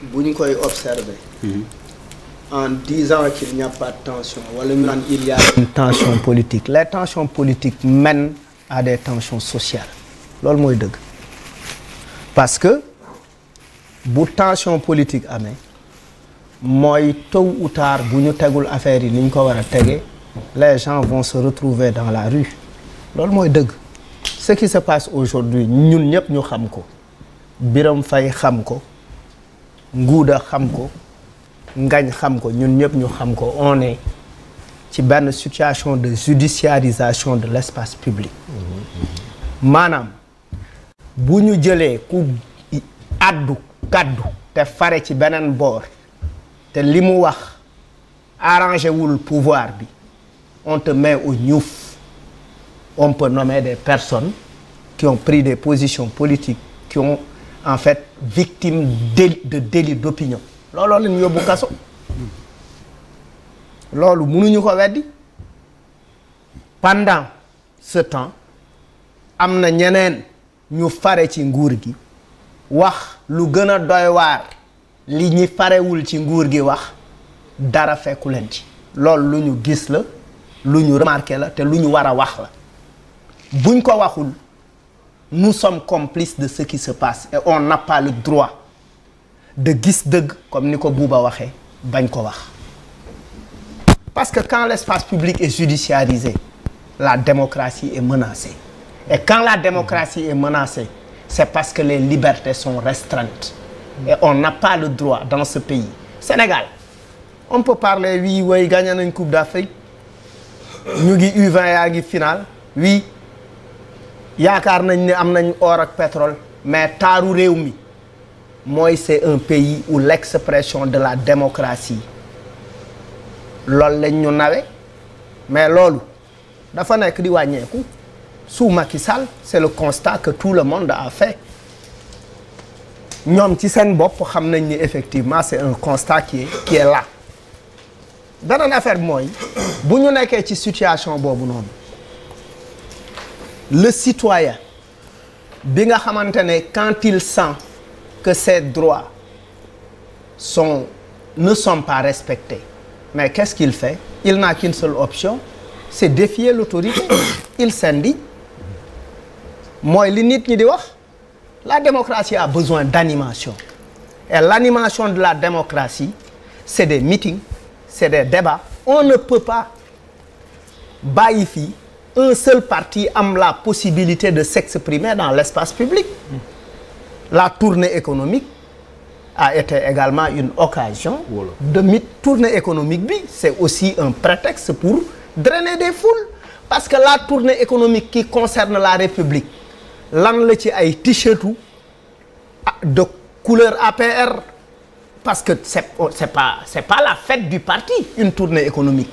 Si koy observer. Mhm. en disant qu'il n'y a pas de tension il y a une tension politique les tensions politiques mènent à des tensions sociales que mooy parce que bu tension politique politiques mooy tôt ou tard si affaire les gens vont se retrouver dans la rue ce que ce qui se passe aujourd'hui nous ne ñu xam ko Biram Faye nous on est dans une situation de judiciarisation de l'espace public manam bu ñu jëlee kaddu te faire ci te wax arranger pouvoir on te met au nyuf on peut nommer des personnes qui ont pris des positions politiques qui ont en fait victime de délit d'opinion. C'est ce que nous avons fait. C'est ce que nous avons dit. Pendant ce temps, il y des gens qui ont fait des choses. Ils ont dit que ce qui est le plus important, ce qui ont fait des choses, Nous avons fait des choses. C'est ce nous avons fait ce que nous avons remarqué et ce nous avons fait Si nous ne le nous sommes complices de ce qui se passe et on n'a pas le droit de guise comme Nico Bouba parce que quand l'espace public est judiciarisé la démocratie est menacée et quand la démocratie est menacée c'est parce que les libertés sont restreintes et on n'a pas le droit dans ce pays Sénégal on peut parler oui oui gagne une Coupe d'Afrique Nous avons eu 20 finale oui yaakaar nañ ne am nañ or ak pétrole mais taaru réew mi c'est un pays où l'expression de la démocratie lol lañ ñu nawé mais lolou dafa nek di wàññeeku sous Macky Sall c'est le constat que tout le monde a fait ñom ci sen bop xam nañ ni effectivement c'est un constat qui est qui est là beneen affaire moy bu ñu nekkee ci situation bobu noonu le citoyen quand il sent que ses droits ne sont pas respectés mais qu'est-ce qu'il fait il n'a qu'une seule option c'est défier l'autorité il dit moi, la démocratie a besoin d'animation et l'animation de la démocratie c'est des meetings c'est des débats on ne peut pas baïfier un seul parti a la possibilité de s'exprimer dans l'espace public. La tournée économique a été également une occasion de tournée économique. C'est aussi un prétexte pour drainer des foules. Parce que la tournée économique qui concerne la République, l'Angleterre a t-shirt ah, de couleur APR. Parce que ce n'est pas la fête du parti, une tournée économique.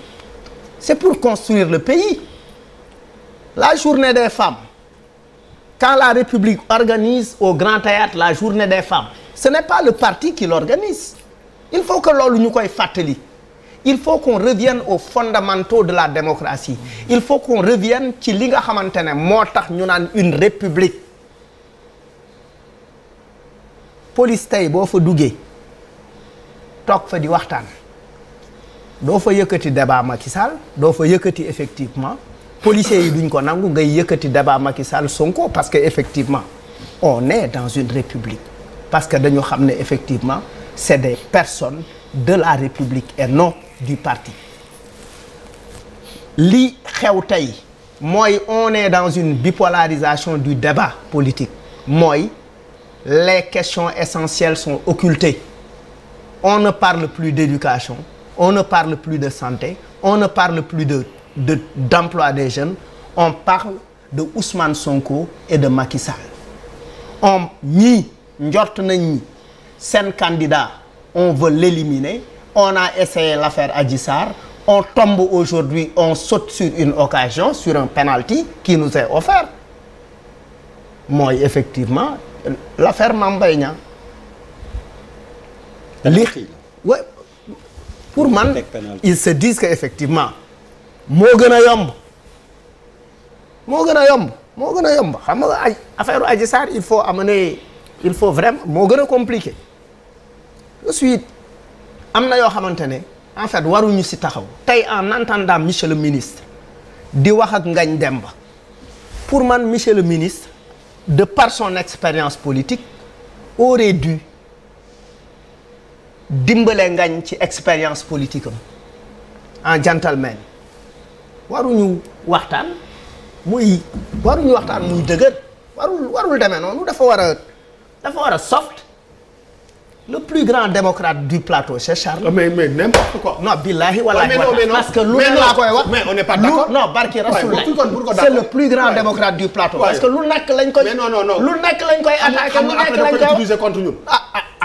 C'est pour construire le pays. La journée des femmes, quand la République organise au Grand Théâtre la journée des femmes, ce n'est pas le parti qui l'organise. Il faut que l'on nous fatali. Il faut qu'on revienne aux fondamentaux de la démocratie. Il faut qu'on revienne à ce que nous avons une république. Police il faut fa duggé tok fa di que do fa yëkëti débat Macky Sall do fa yëkëti effectivement policiers yi duñ nangu ngay débat Macky Sall Sonko parce que effectivement on est dans une république parce que dañu xamné effectivement c'est des personnes de la république et non du parti li xew tay on est dans une bipolarisation du débat politique moy les questions essentielles sont occultées on ne parle plus d'éducation on ne parle plus de santé on ne parle plus de d'emploi des jeunes, on parle de Ousmane Sonko et de Macky Sall. On nie, candidat, on veut l'éliminer. On a essayé l'affaire Adjissar. On tombe aujourd'hui, on saute sur une occasion, sur un penalty qui nous est offert. Moi, effectivement, l'affaire Mambayna. Oui, pour moi, ils se disent qu'effectivement, moo gën a yomb moo gën a yomb moo gën a yomb xam nga affaire Adji Sarr il faut amener il faut vraiment moo est a compliqué ensuite am na yoo xamante en fait waruñu si taxaw tey en entendant monsieur le ministre di wax ak Ngagne Demba pour man monsieur le ministre de par son expérience politique aurait dû dimbale Ngagne ci expérience politique am en gentleman waruñu waxtaan muy waruñu waxtaan muy dëgër warul warul demee noonu dafa war a dafa war soft le plus grand démocrate du plateau c'est Charles. Ah, mais mais n'importe quoi. non billahi wallaahi ah, parce que mais, ne laa koy mais on n'est pas d'accord. non barki Rasulullah c'est le plus grand démocrate du plateau. parce que lu nekk lañ koy. mais non non non lu nekk lañ koy attaqué lu nekk lañ koy wax ah ah.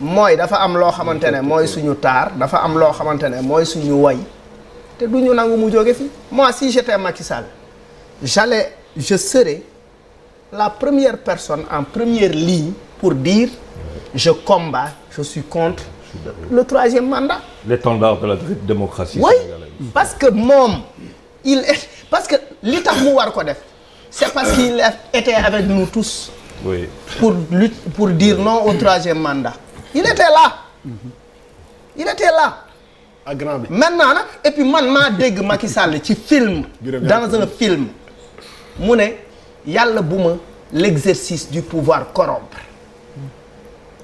moy dafa am lo xamantene moy suñu tar dafa am lo xamantene moy suñu way té duñu ñu nangu mu jogé fi moi si j'étais Macky Sall j'allais je serais la première personne en première ligne pour dire je combats je suis contre le troisième mandat. l'étendard de la démocratie oui, parce que mom il est parce que li war ko def c'est parce qu'il était avec nous tous. oui pour lutte pour dire non au troisième mandat il était là. il était là. maintenant et puis maintenant, je dégg Macky Sall film. dans un film Il y a le l'exercice du pouvoir corrompre.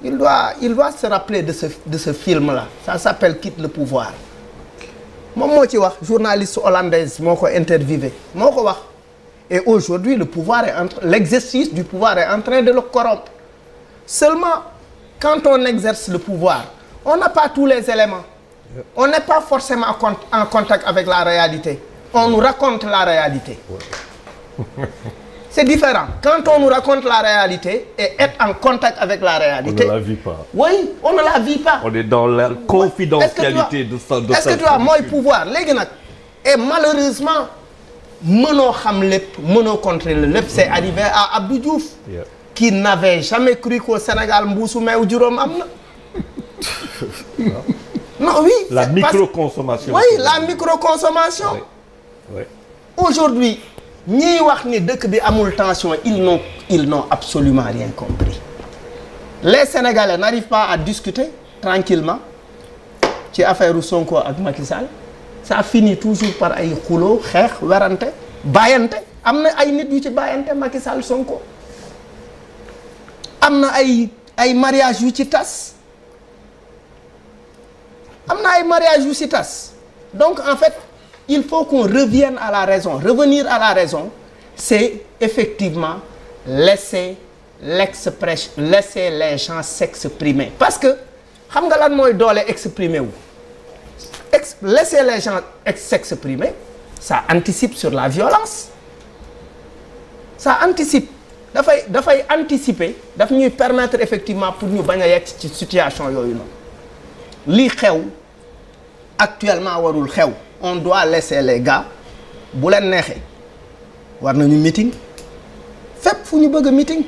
il doit il doit se rappeler de ce film là ça s'appelle Quitte le pouvoir Je journaliste hollandaise interviewé et aujourd'hui le pouvoir est l'exercice du pouvoir est en train de le corrompre seulement quand on exerce le pouvoir, on n'a pas tous les éléments. On n'est pas forcément en contact avec la réalité. On nous raconte la réalité. C'est différent. Quand on nous raconte la réalité et être en contact avec la réalité... On ne la vit pas. Oui, on ne la vit pas. On est dans la confidentialité de de Est-ce que tu as moi pouvoir Et malheureusement, mono hamlep, mono contre le lep, c'est arrivé à Abdou Diouf qui n'avait jamais cru qu'au Sénégal mbuusu ou faire amna. non oui. la microconsommation. oui la microconsommation. oui aujourd'hui ni wax ni deuk bi amul tension ils n'ont ils n'ont absolument rien compris les Sénégalais n'arrivent pas à discuter tranquillement ci affaire Sonko ak Macky Sall ça finit toujours par ay xulo, xex, werante bàyyante Amna ay nit yu ci bàyyante Macky Sall Sonko amna mariage yu ci mariage yu donc en fait il faut qu'on revienne à la raison revenir à la raison c'est effectivement laisser laisser les gens s'exprimer parce que xam nga lan moy doole exprimer laisser les gens s'exprimer ça anticipe sur la violence ça anticipe il faut anticiper il faut permettre effectivement pour nous de faire yegg ci situation Ce qui actuellement on doit laisser les gars si leen neexee war nañu meeting faire fu meeting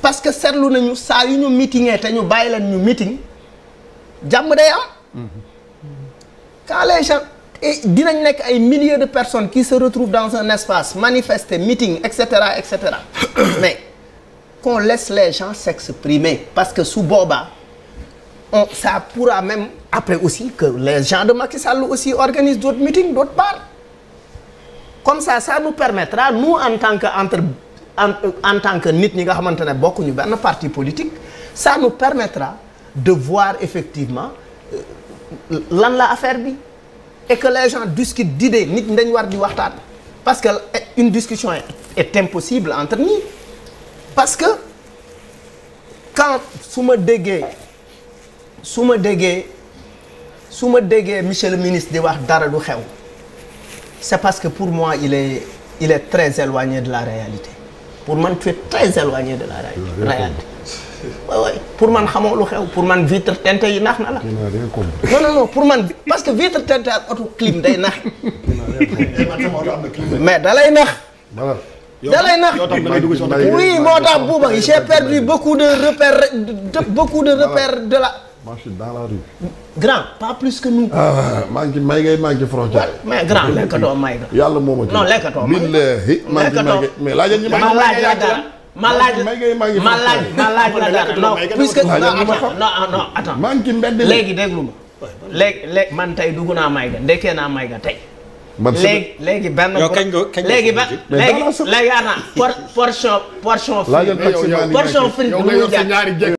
parce que si nañu saa yu un meeting te ñu bàyyi un meeting quand les gens y a des milliers de personnes qui se retrouvent dans un espace manifester meeting etc., etc. mais qu'on laisse les gens s'exprimer parce que sous Boba, ça pourra même après aussi que les gens de Macky aussi organisent d'autres meetings d'autres parts. Comme ça, ça nous permettra, nous en tant que euh, en, tant que parti politique ça nous permettra de voir effectivement euh, lan la affaire bi et que les gens discutent d'idées nous devons dañ war parce qu'une eh, discussion est impossible entre nous. Parce que quand Souma Dégué, Souma Dégué, Souma Dégué, Michel le ministre de Daralou c'est parce que pour moi, il est, il est très éloigné de la réalité. Pour moi, tu es très éloigné de la réalité. pour man xamoo lu xew pour man vitre teintée yi naax na la. non non non pour man parce que vitre teintée ak auto clim day nax. mais dalay nax. dalay nax oui moo tax buuba gi j'ai perdu beaucoup de repères de la. maa ngi dans la rue. grand pas plus que nous. Ah, mais grand lekkatoo may nga. yàlla moo ma. non lekkatoo may nga. billahi maa ngi may nga mais laajal ñu may. ma laaj ma laaj ma laaj la dara non puisque non non attends maa ngi ci mbedd léegi déglu ma léegi léegi man tey dugg naa Mayga ndekkee naa Mayga tey léegi léegi benn léegi ba léegi léegi ana portion portion frite portion frite bu mu jàpp